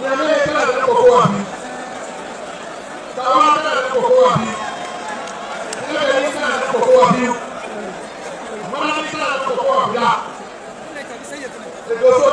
nyame yɛ kala de koko wa bi tawa kala de koko wa bi ɛlɛ yɛ kala de koko wa bi mana yɛ kala de koko wa bila ɛgbɛso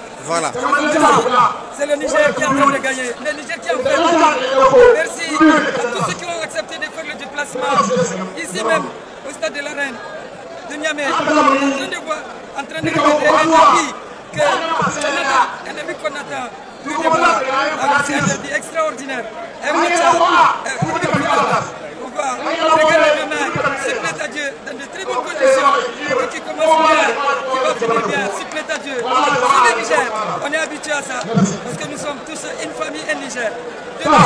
Voilà. C'est le Niger qui est en train de gagner. Le Niger qui a gagné. Merci à tous ceux qui ont accepté de faire le déplacement. Ici même, au stade de la Reine de Niamey. Ah, Je ne vois en train de regarder un que c'est ah, un ami qu'on attend. Nous ah, un extraordinaire. Euh, pouvoir le demain, s'il plaît à Dieu, dans de très bonnes conditions, et qui commence bien, qui va finir bien, s'il plaît à Dieu. C'est le Niger, on est habitué à ça, parce que nous sommes tous une famille, un Niger. Depuis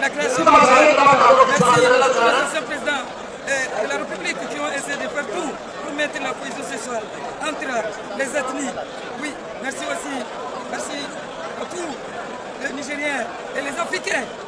la création du Niger, merci au président euh, de la République qui ont essayé de faire tout pour mettre la cohésion sociale entre les ethnies. Oui, merci aussi, merci à tous les Nigériens et les Africains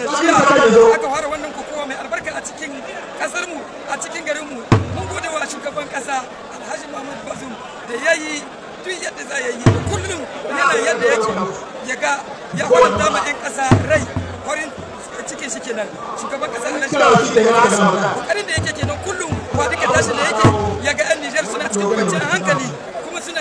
cikin ta kake zo aka fara wannan kokowa mai albarka a cikin kasarmu a cikin garinmu mun gode wa shugaban kasa Alhaji Muhammad Bazum da ya yi duk yadda za ya yi kullum yana yadda yake ya ga ya faranta ma 'yan kasa rai farin cikin shi kenan shugaban kasa na shi kokarin da yake kenan kullum ba duka tashi da yake ya ga 'yan Nijar suna cikin kwanciyar hankali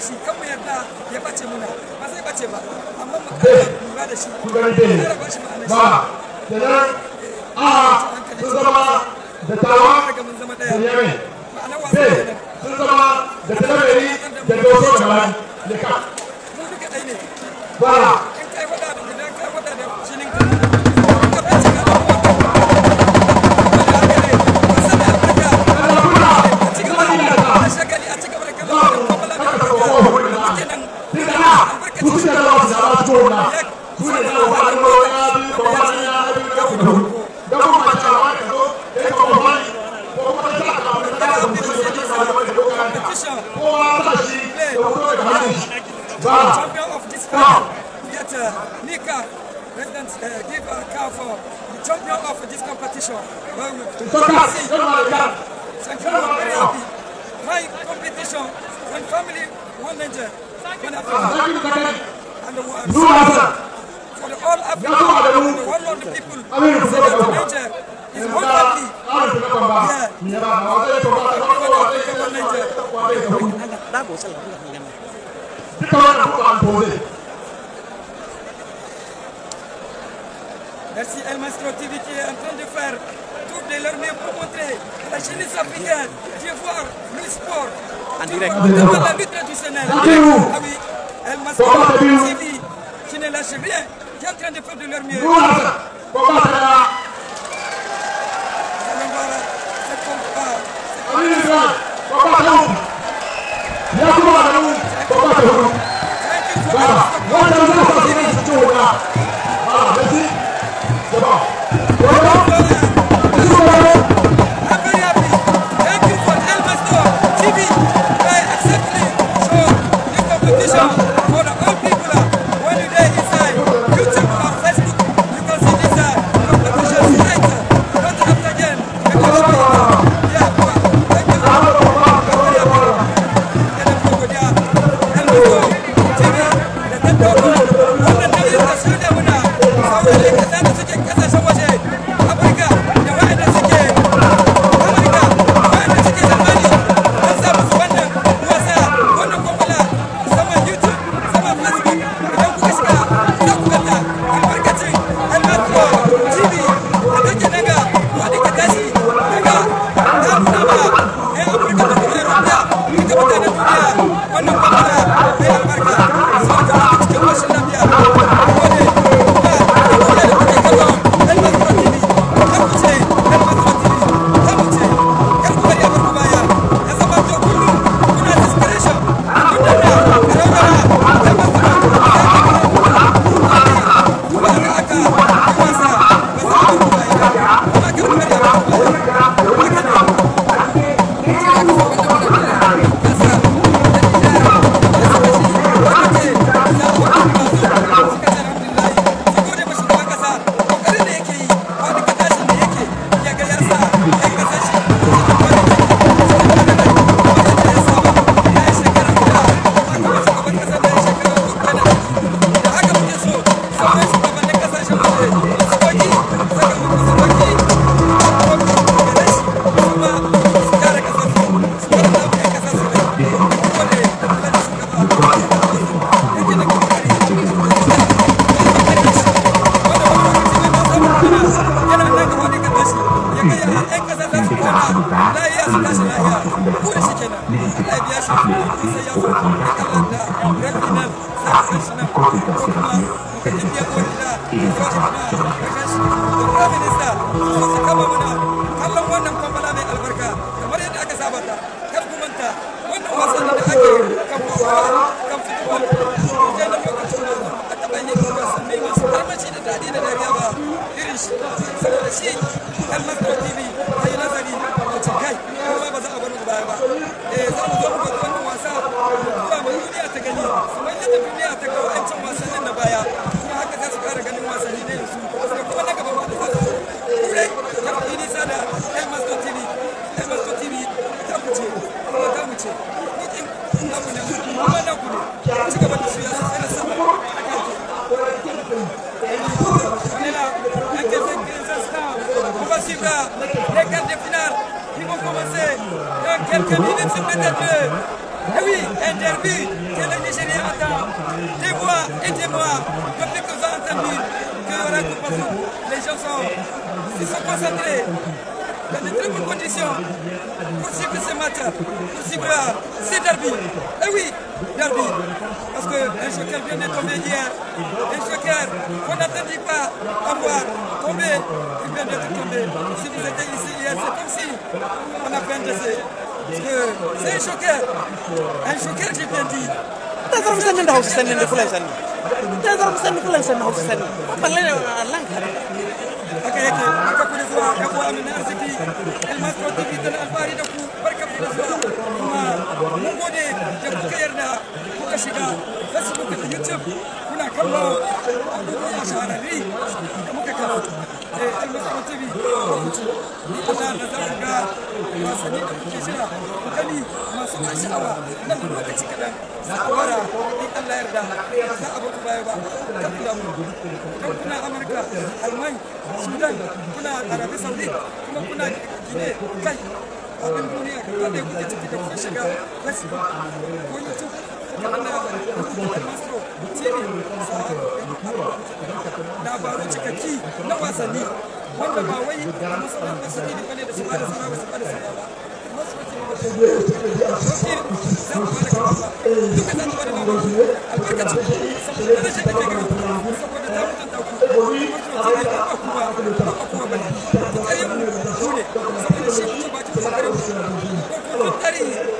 da shi kan mu yarda ya bace muna ba zai bace ba amma mu kara lura da shi ba da nan a eh, sun zama da tawa da yame sun zama da talabari da doso da malami Look at that. on a peine de se. Parce que c'est un choqueur. Un choqueur, j'ai bien dit. Tazar mu sanni da hausa sanni da fulan sanni. Tazar mu sanni fulan sanni hausa sanni. Balle da Allah. Haka yake haka kuma zuwa ga uwa min arziki. Almasro TV tana alfahari da ku barkamu da kuka kuka TV Allah na za ga wasanni da kuke jira gani masu ban sha'awa nan lokaci kaɗan za a wara in Allah yarda za a baku baya ba kan kula mu kan kuna Amurka Alman Sudan kuna Arabi Saudi kuma kuna Gine kai abin duniya gaba ɗaya kuke ciki da kuma shiga Facebook ko labaru a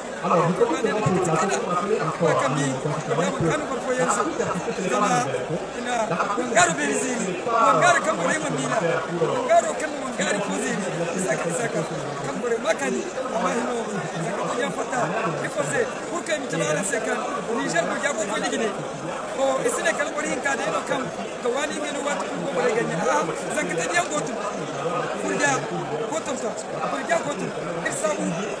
Allah pour dire, ake tsaka kuma a kawo pour kamar pour ina wangaro berizini wangaro kambore mamila wangaro kama wangaro kuzini saka pour un pour Allah hino saka kunya fata ifose kurka mitulala seka Niger ko pour ko la ko isine kalbore de pour pour un peu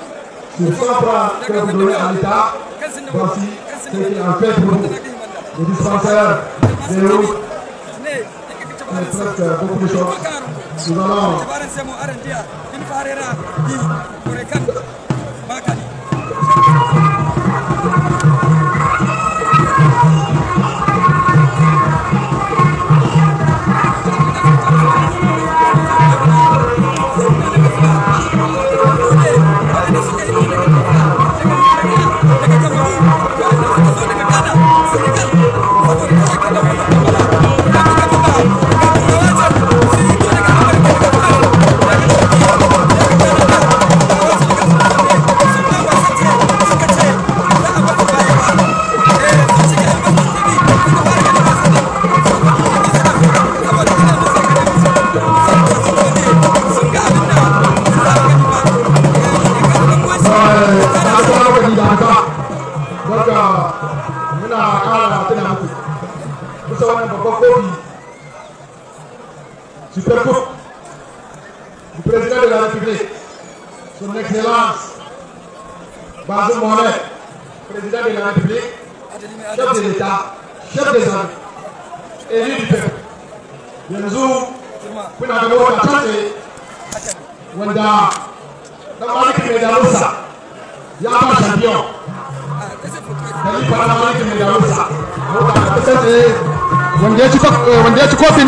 ne soit pas que vous donnez à l'État, voici c'est en fait pour vous. Les dispensaires, les pas presque beaucoup de choses. Nous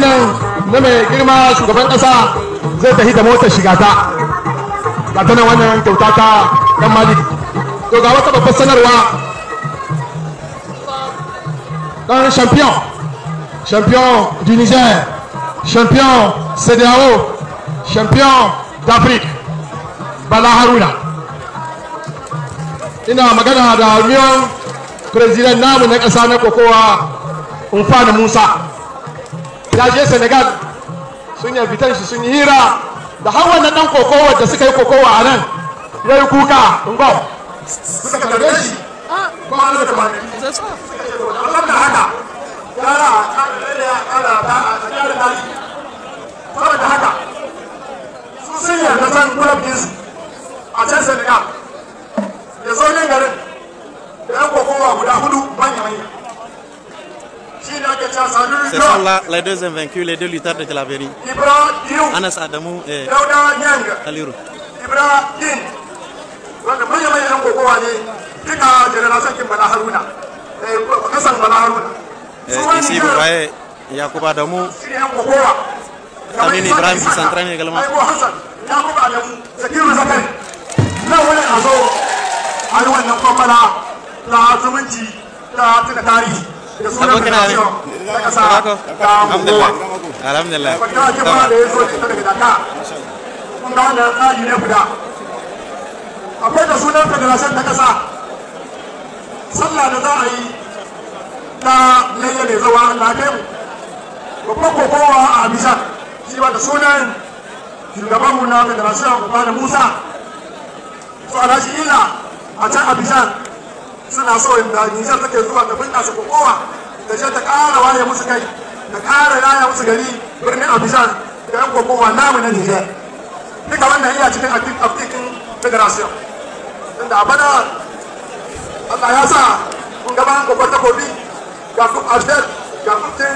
nan na mai girma shugaban ƙasa zai tafi da motar shiga ta ga ta nan wannan kyauta ta dan malik to ga wata babbar sanarwa dan champion champion du Niger champion CDAO champion d'Afrique Bala Haruna ina magana da miyan president namu na ƙasa na kokowa Umfana Musa ya je senegal sun yi fitan shi sun yi hira da har wannan dan kokowa da suka yi kokowa a nan ya yi kuka ngo suka tarbe shi les deux invaincus, les deux lutteurs de Telaveri. Anas Adamu et Aliru. Et e, eh, ici, vous voyez Yacouba ne haruna haruna da amin ibrahim su santra ne galma aibo hassan yakuba da mu tarihi abokina ne alhamdulillah akwai da sunan federation ta kasa sallah da za a yi na layyane zawa na kai babban kokowa a abisa shi ba da sunan shugaban na federation ba da musa su alhaji ila a can abisa suna so da nijar take zuwa ta su kokowa da je ta ƙara waye musu kai ta ƙara raya musu gari birnin abidjan da yan kokowa namu na nijar duka wannan iya cikin aftikin federation Inda a bana allah ya sa kun gaba kokon takobi ga ku abdel ga kuma da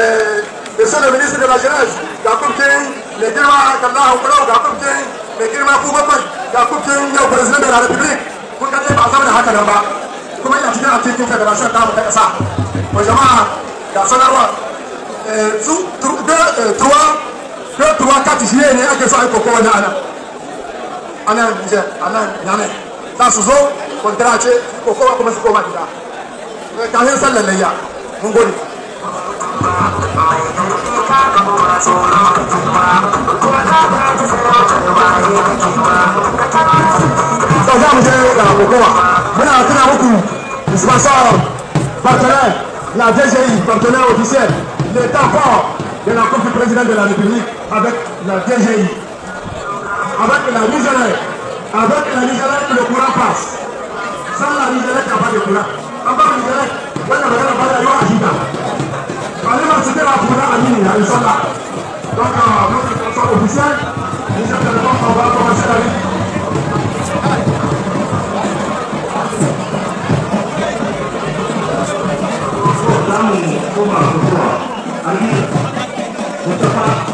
eh, sanar ministre de la jeunesse ga kubcin mai girma kallahu kulau ga kubcin mai girma kubaban ga kubcin yau president de la republique kun kaɗai ba a zama da haka nan ba kuma ina cikin artikin federation ta ta kasa ko jama'a eh, da sanarwa eh, su tuwa ko tuwa kati shi ne ake so a yi kokowa na ana ana nije ana nyame za su zo kwantara ce kokowa kuma su koma gida eh, Thank you. to za mu je ga kokowa muna tuna muku sponsor partenaire la DGI partenaire officiel l'état fort de la coupe du président de la République avec la DGI avec la Nigérie avec la Nigérie le courant passe sans la Nigérie il n'y a pas de courant avant la Nigérie wanda magana ba da yawa shi da malama su tara kuma amini na inshallah donc notre sponsor officiel nous avons commencé la vie ダムに5番の子は、あす言葉。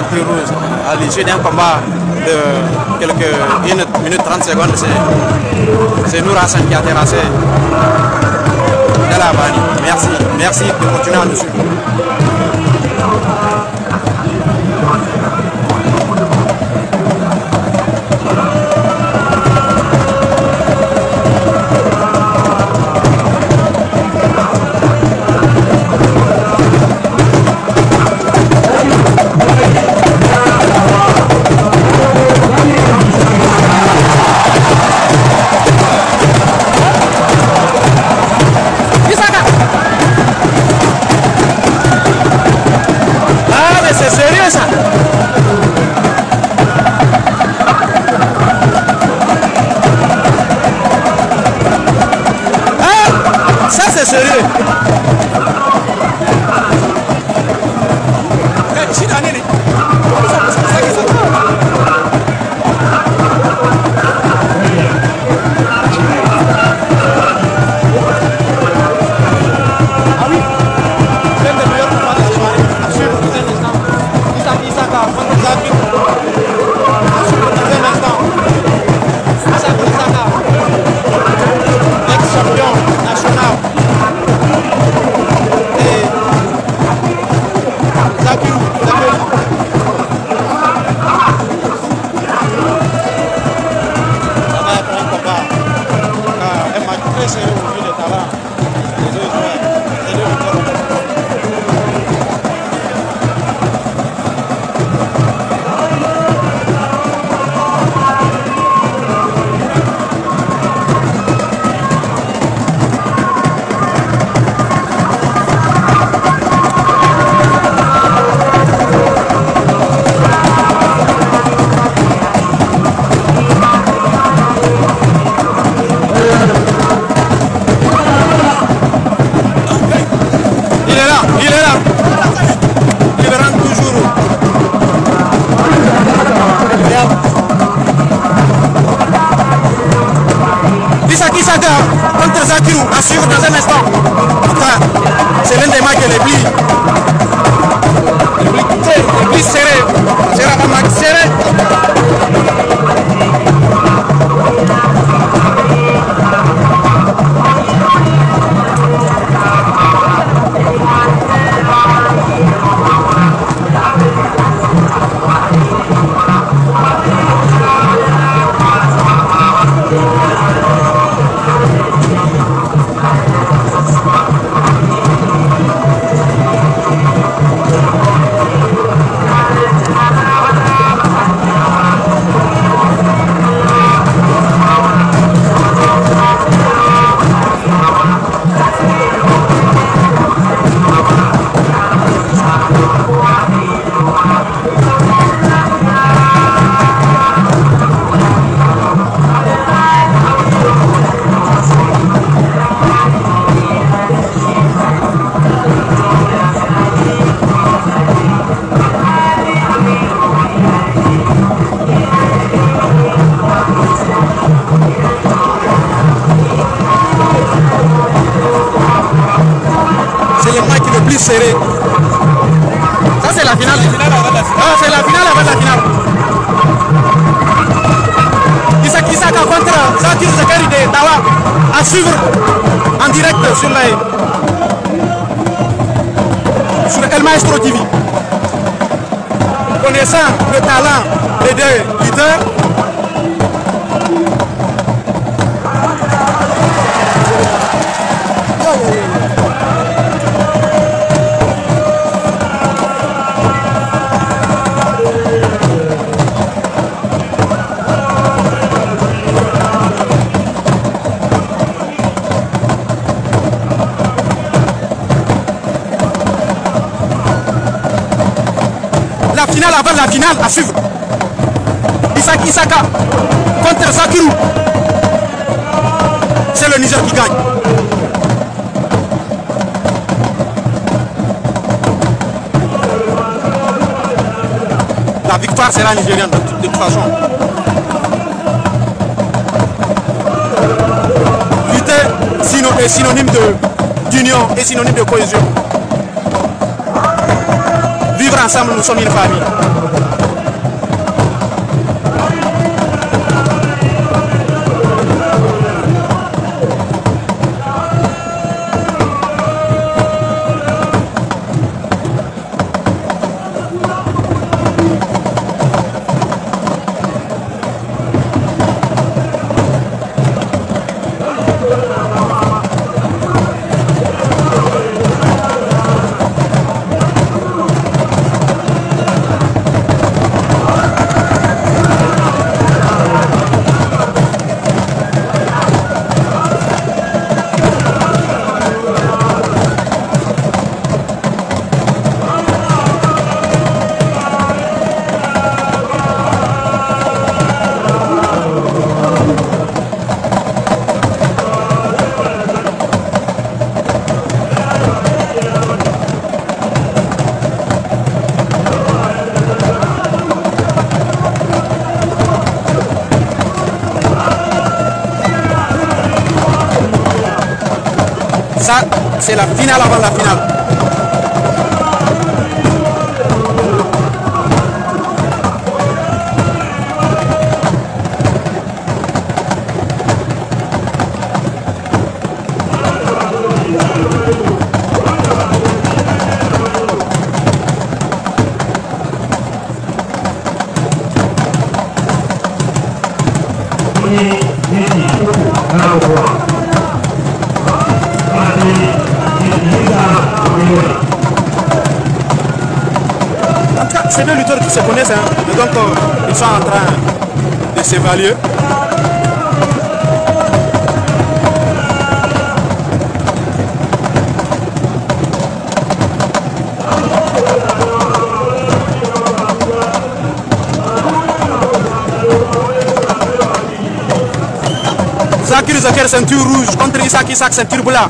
plus rouge à l'issue d'un combat de quelques 1 minute 30 secondes. C'est nous Hassan qui a terrassé Merci, merci de continuer à nous suivre. avant la finale à suivre. Isaki Isaka contre Sakiru, C'est le Niger qui gagne. La victoire sera nigérienne de toute façon. Lutter est synonyme d'union et synonyme de cohésion. vivre ensemble, nous sommes une famille. Es la final avant la final. chevalier. Zakir Zakir ceinture rouge contre Isaac Isaac ceinture blanc.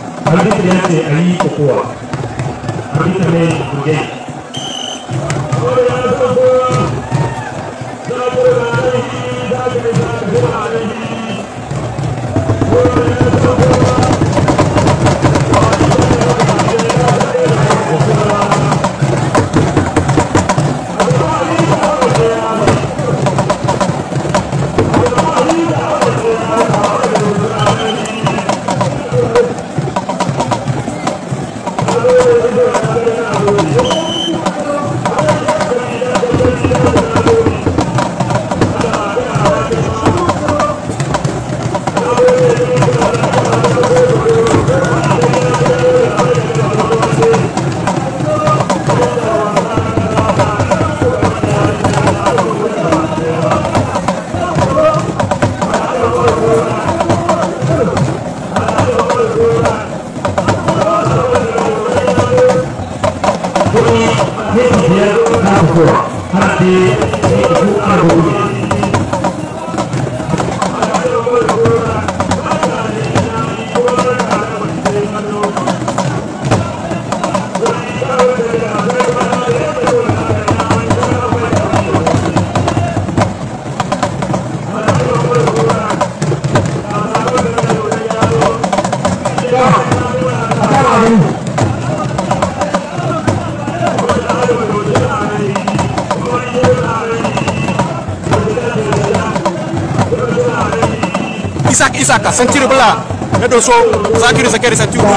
doso zakiri zakari santi rouge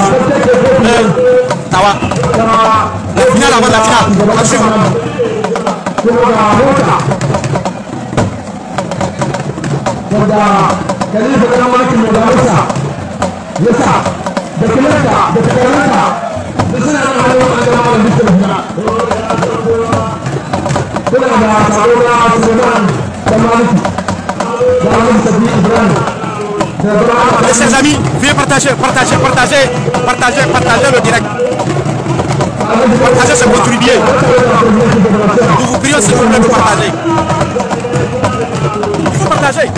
tawa la finale avant la finale à suivre kalifa kana maki mu da musa yasa da kilanta da takaranta da suna da halin da kana maki da musa kuna da tsaro na sunan da maliki da maliki tafi ibrahim Mes chers amis, viens partager, partager, partager, partager, partager le direct. Partagez ce contribuer. Nous vous prions s'il vous plaît de partager. Il faut partager.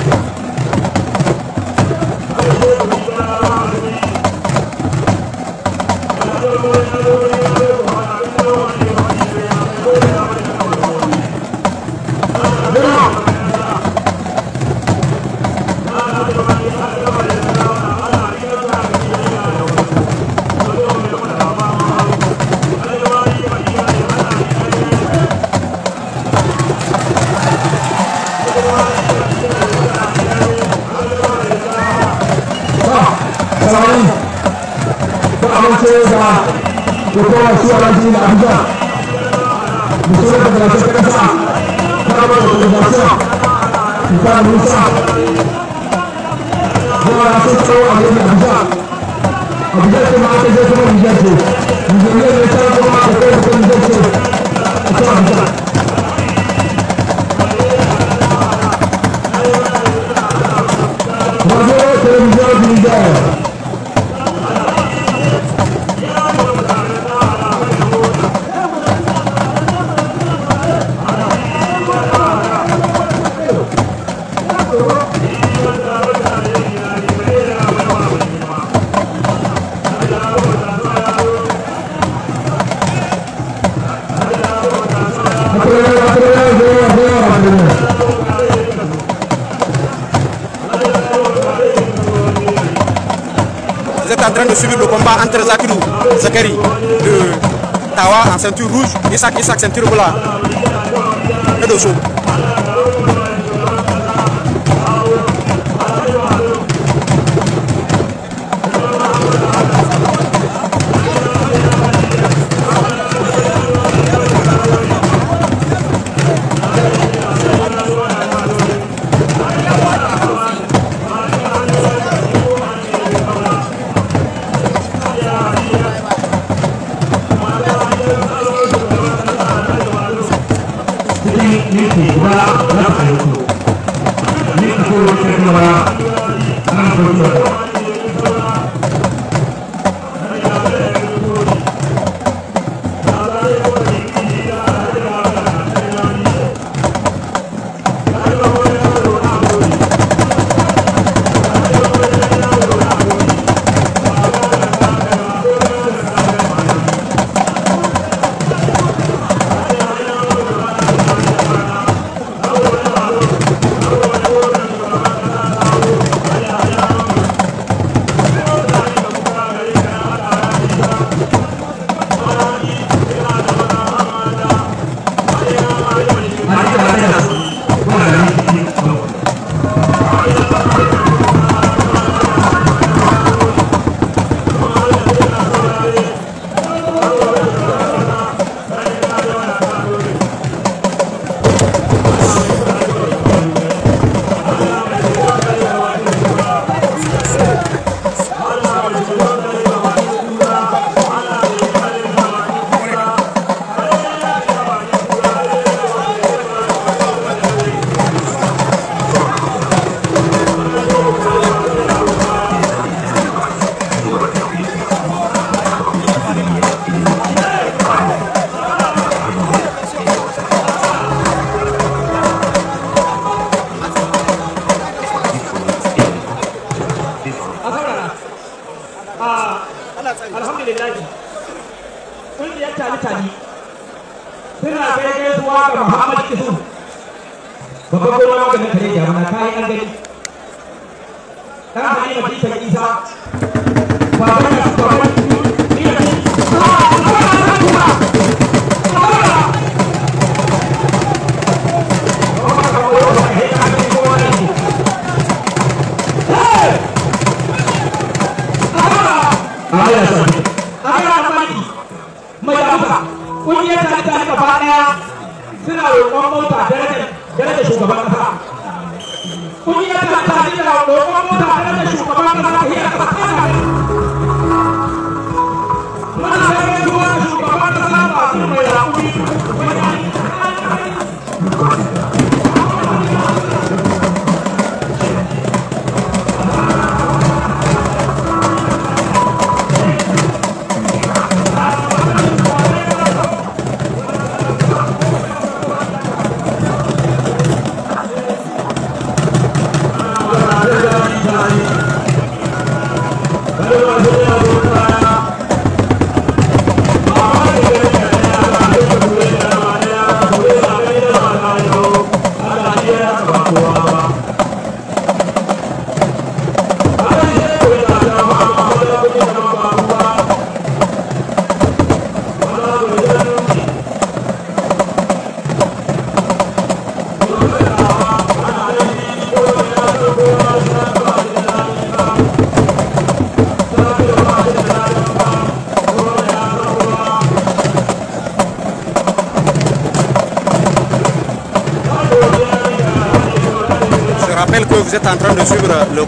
كذا وكما في رجل الأحزاب بسورة ثلاثة كذا كما الثلاثة كتاب موسى هو رئيس قوة على الأحزاب أبجدت مع تجدت من جدت من جميع الرسالة مع تجدت من جدت أتوقع Bravo, televisão de Miguel. Zakidou, Zakari, de Tawa ah, en ceinture rouge, Isaac, Isaac, ceinture blanche. Et de chaud.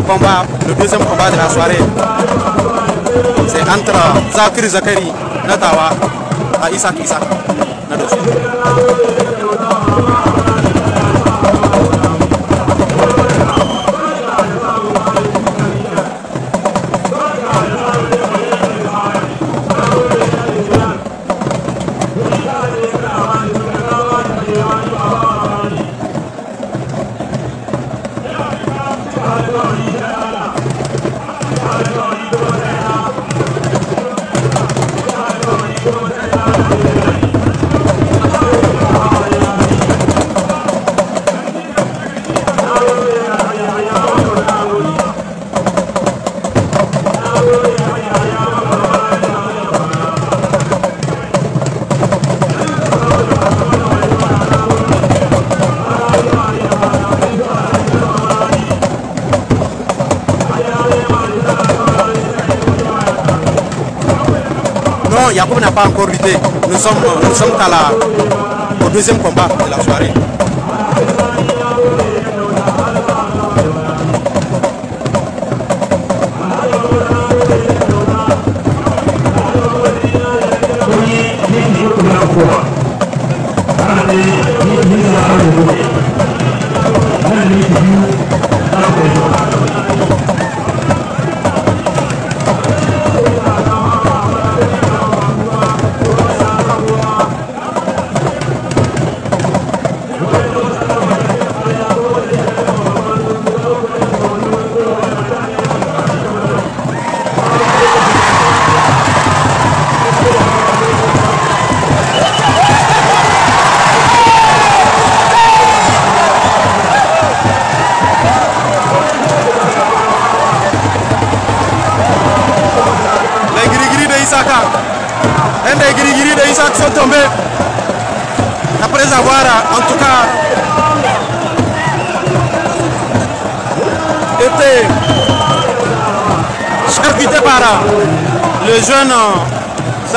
combat, le deuxième combat de la soirée. C'est entre Zakir Zakari Natawa à Isaac Isaac on n'a pas encore lutté. Nous sommes, euh, nous à la, au deuxième combat de la soirée.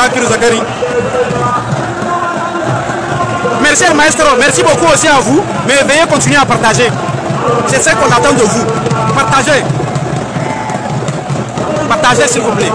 a Zakari. Merci maestro, merci beaucoup aussi à vous, mais veuillez continuer à partager. C'est ce qu'on attend de vous. Partagez. Partagez s'il vous plaît.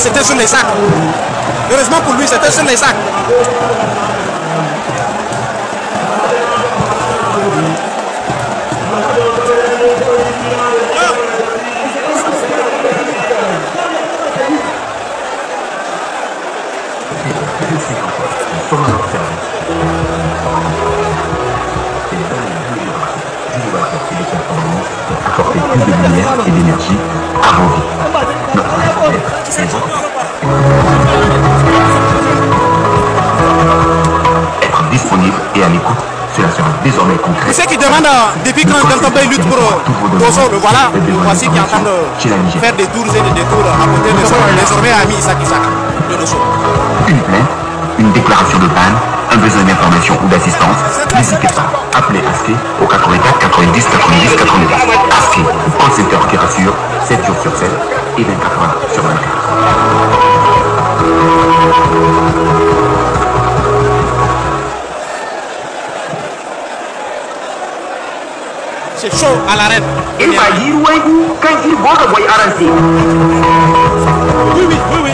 c'était sur les sacs. Heureusement pour lui, c'était sur les sacs. apporter plus de lumière et d'énergie à vos vies. Être disponible et à l'écoute, cela sera désormais concret. C'est qui demande euh, depuis quand Delta lutte pour euh, voilà, voici qui est en train de faire des tours et des détours à côté de désormais ami une déclaration de panne, un besoin d'information ou d'assistance, n'hésitez pas. Appelez ASKE au 84 90 90 90. ASCI, call center qui rassure 7 jours sur 7 et 24 heures sur 24. C'est chaud à l'arrêt Il va dire, quand il va le voyer arranger.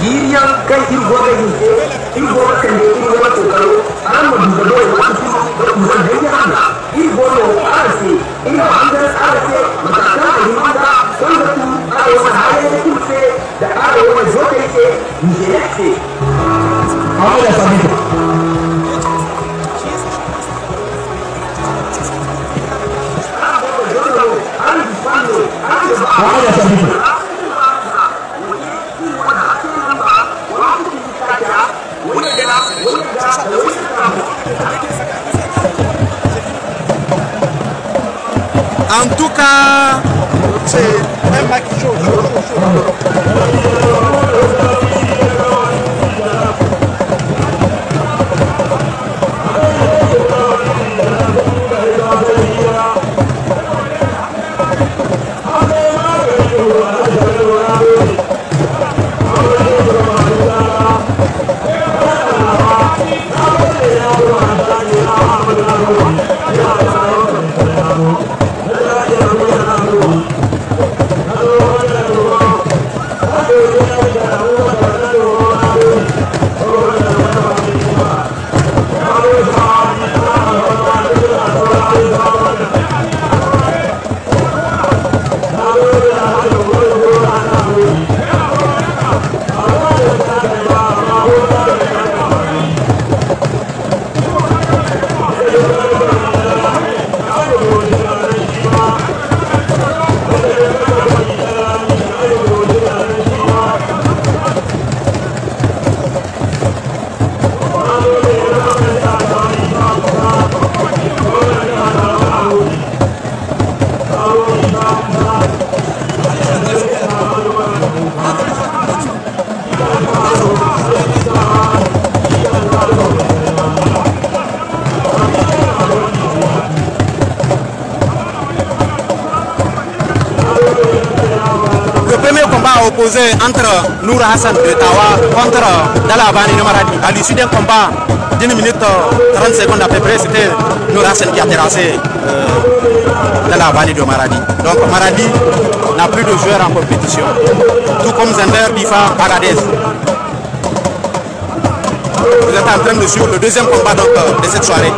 yiriyan kan ir gobe ni ir gobe kan En tout cas, c'est un match chaud, de Tawa contre de Maradi. A l'issue d'un combat d'une minute 30 euh, secondes à peu près, c'était Nora Sen qui a terrassé euh, vallée de Maradi. Donc Maradi n'a plus de joueurs en compétition. Tout comme Zender, Bifa, Paradez. Vous êtes en train de suivre le deuxième combat euh, de cette soirée.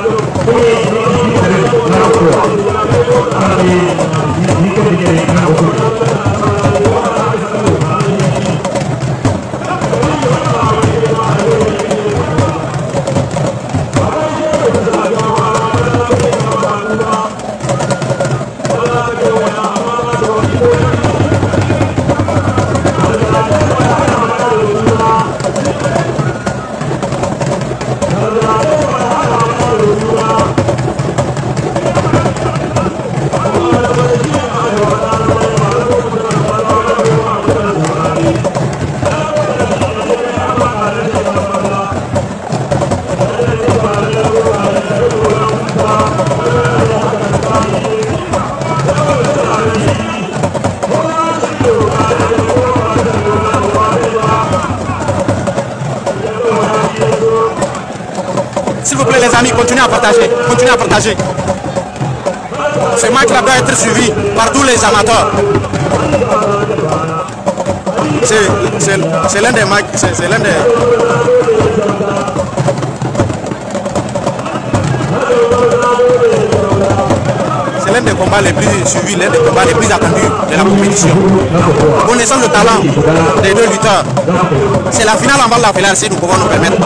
Ce match-là doit être suivi par tous les amateurs. C'est l'un des matchs, c'est l'un des... C'est l'un des combats les plus suivis, l'un des combats les plus attendus de la compétition. Connaissant le talent des deux lutteurs, c'est la finale en bas de la finale si nous pouvons nous permettre.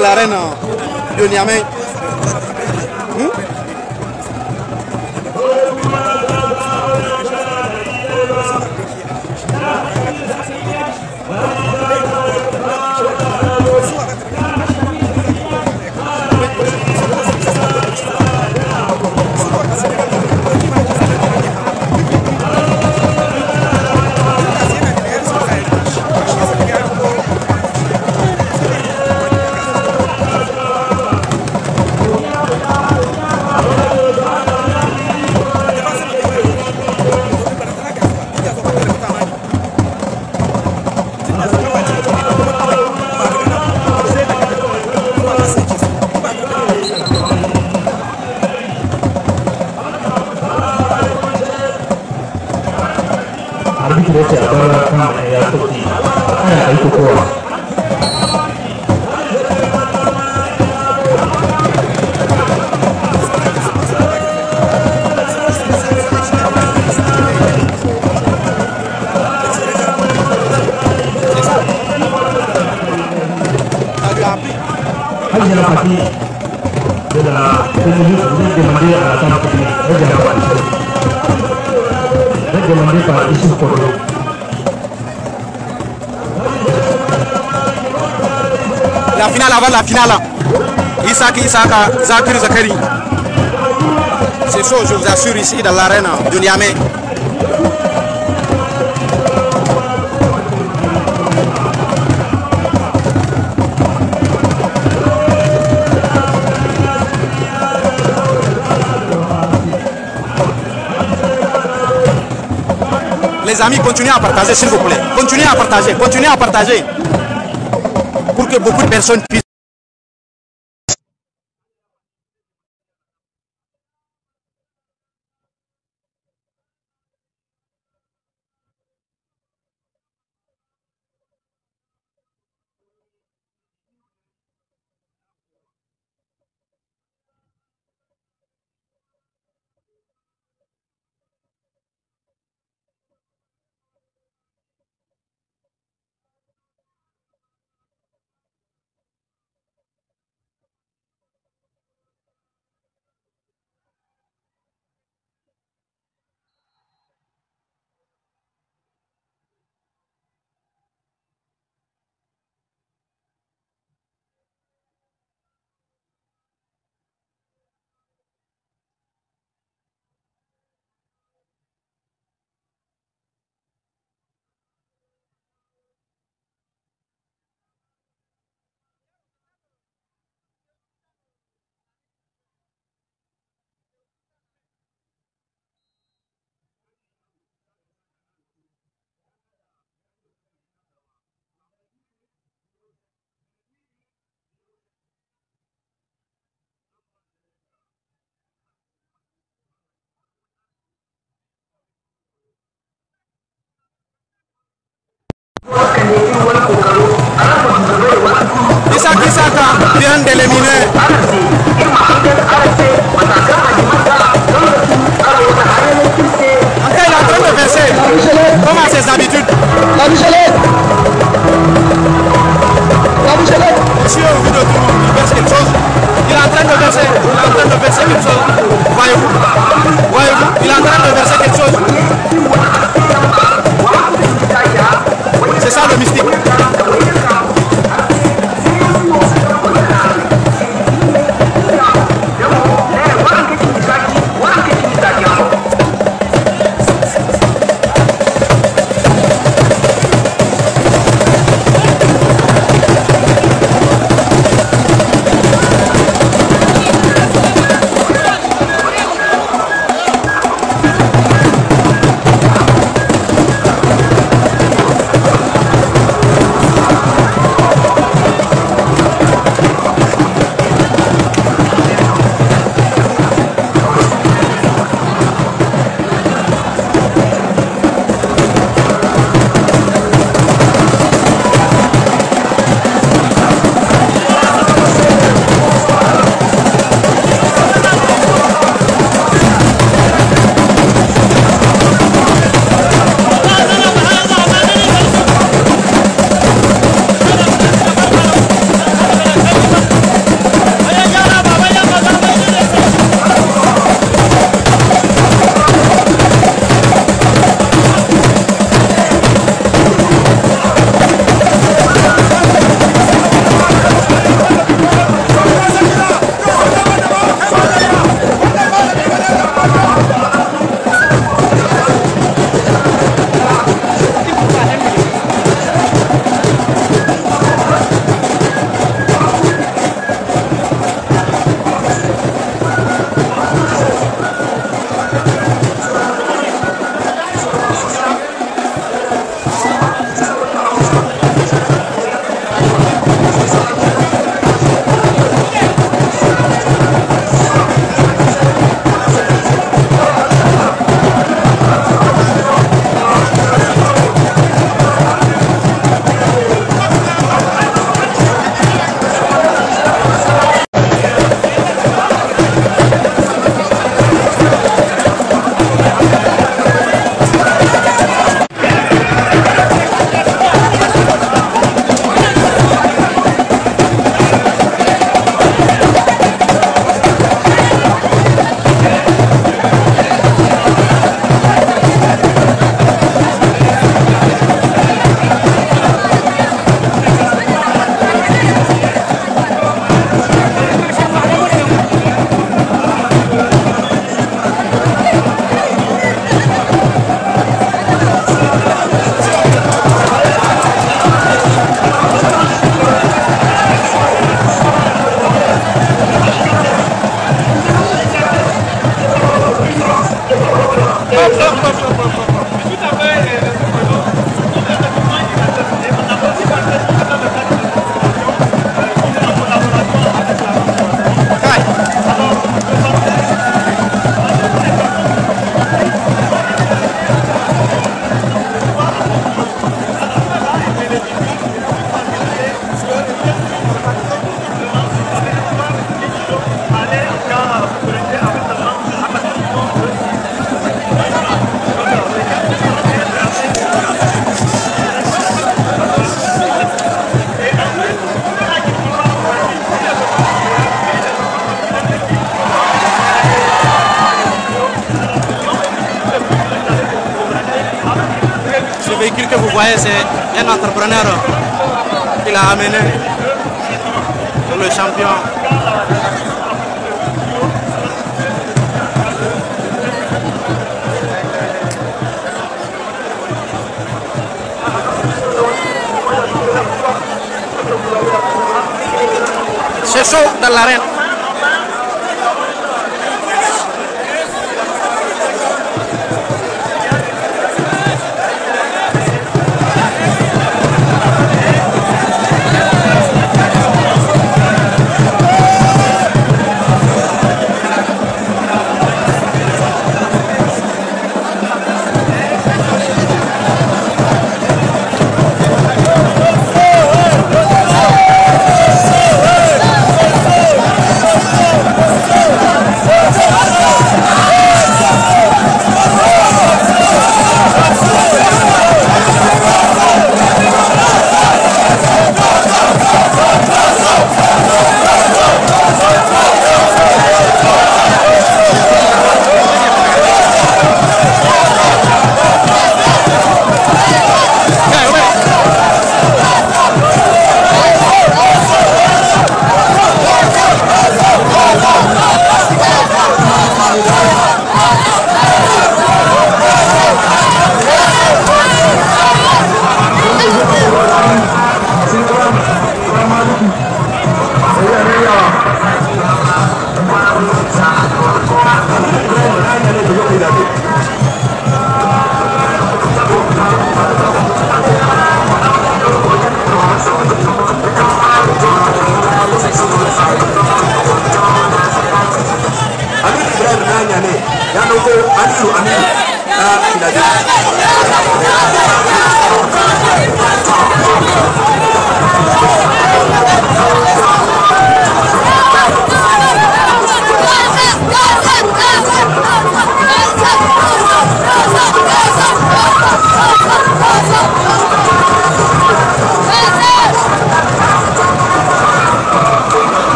la Calareno, Juniamén. Kaki ce Zakir Zakari. C'est ça je vous assure, ici dans l'arène hein, de Niamey. Les amis, continuez à partager, s'il vous plaît. Continuez à partager, continuez à partager. Pour que beaucoup de personnes puissent... vient d'éliminer il est en train de comme ses habitudes la Michelette la monsieur de il quelque chose il est en train de verser il est en train de verser voyez-vous Eso del la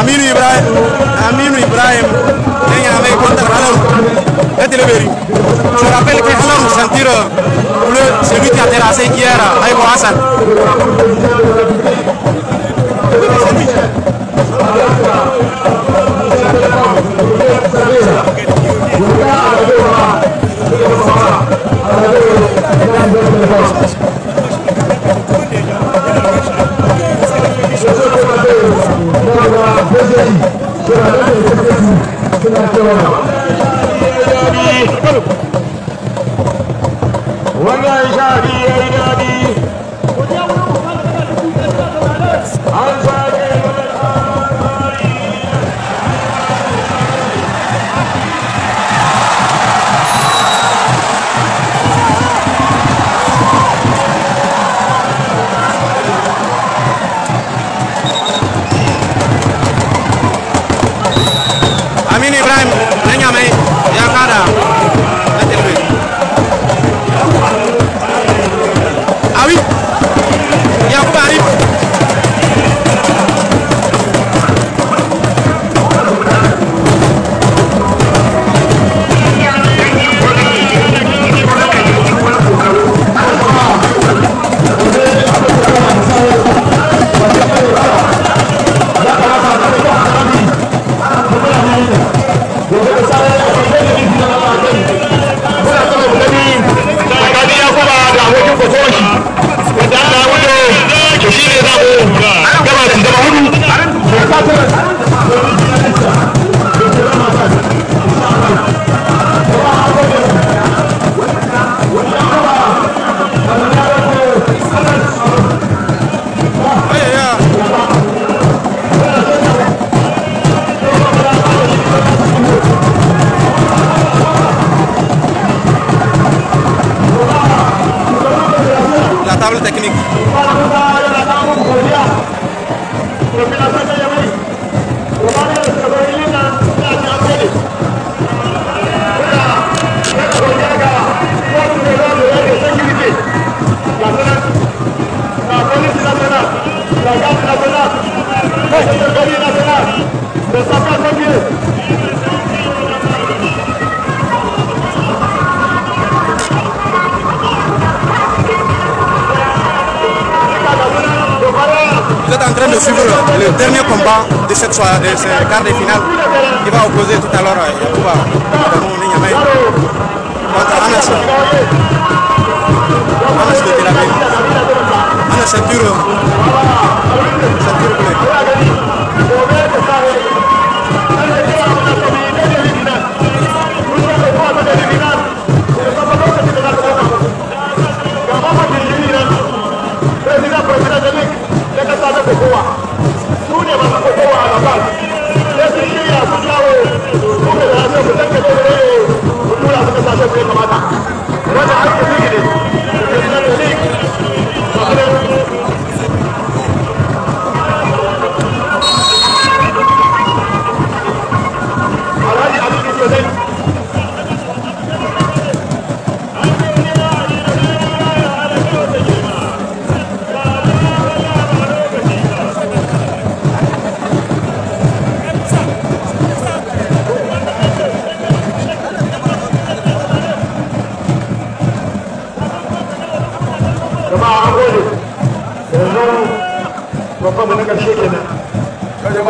Aminu Ibrahim, Aminu Ibrahim, quem é a mãe contra o Alan? É Televeri. Eu rappelo que Alan sentir o le, celui que a terra sei que era, aí com Hassan. Thank you. Vous êtes en train de suivre le dernier combat de cette soirée, de ce quart de finale qui va opposer tout à l'heure Yacouba Niamey contre Anas. Anas de Tel Aviv. Anas ceinture, ceinture bleue. رجع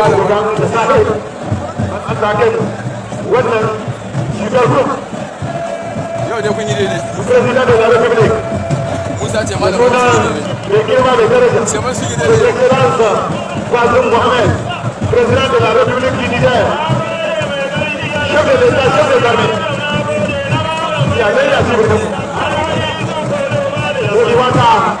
malama da sa wannan shigar group yau da da ya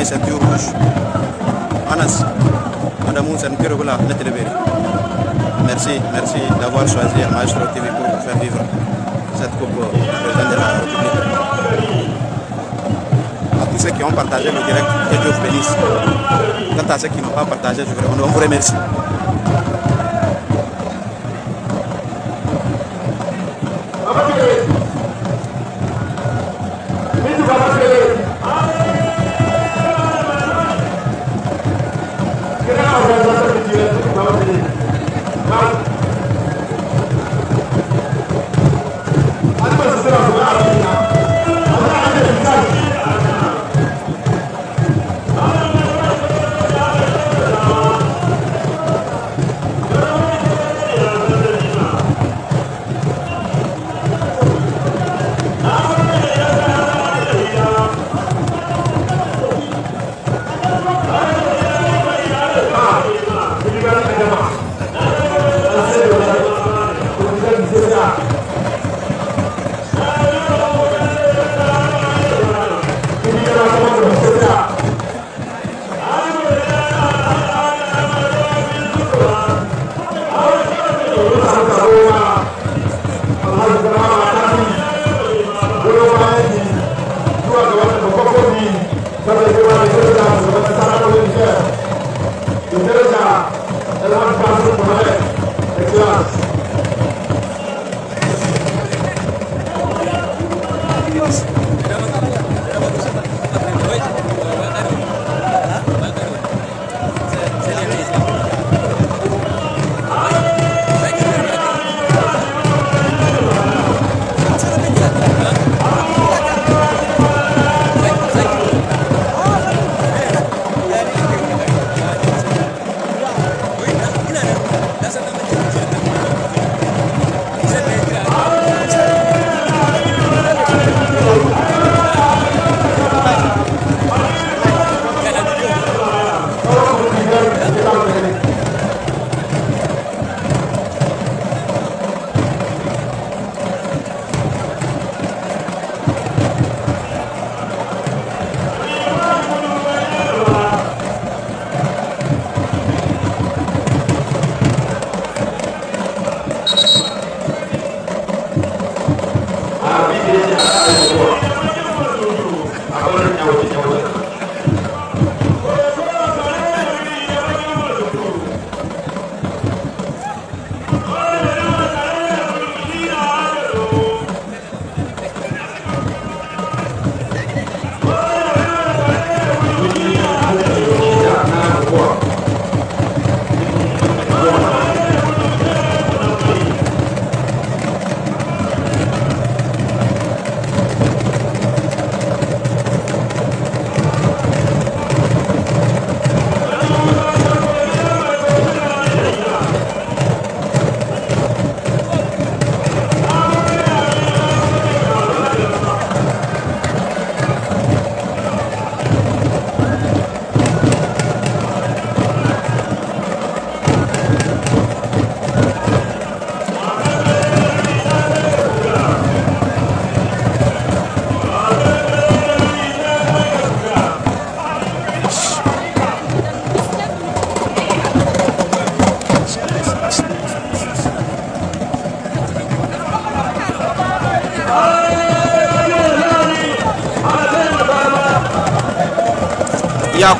Maïssa Bio Rouge, Anas, Madame, Zanpiro Gola, Neteleberi. Merci, merci d'avoir choisi un Maestro TV pour faire vivre cette Coupe présidente de la République. À tous ceux qui ont partagé le direct, que Dieu vous bénisse. Quant à ceux qui n'ont pas partagé, je vous remercie.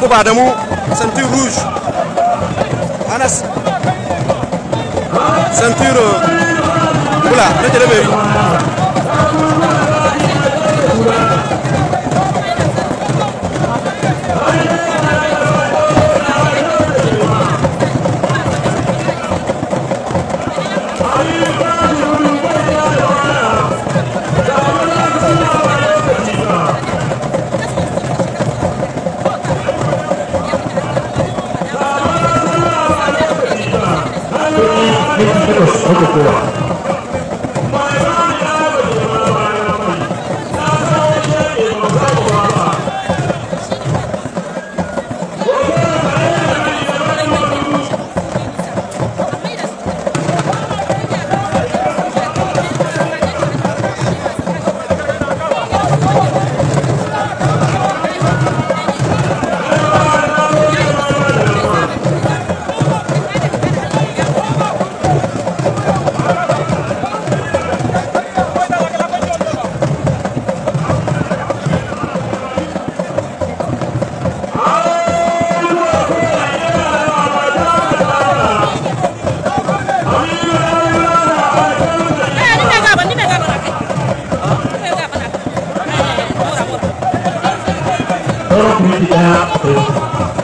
Yakubu Adamu ceinture rouge Anas ceinture bula na jere 我不管。Happy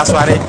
la soirée.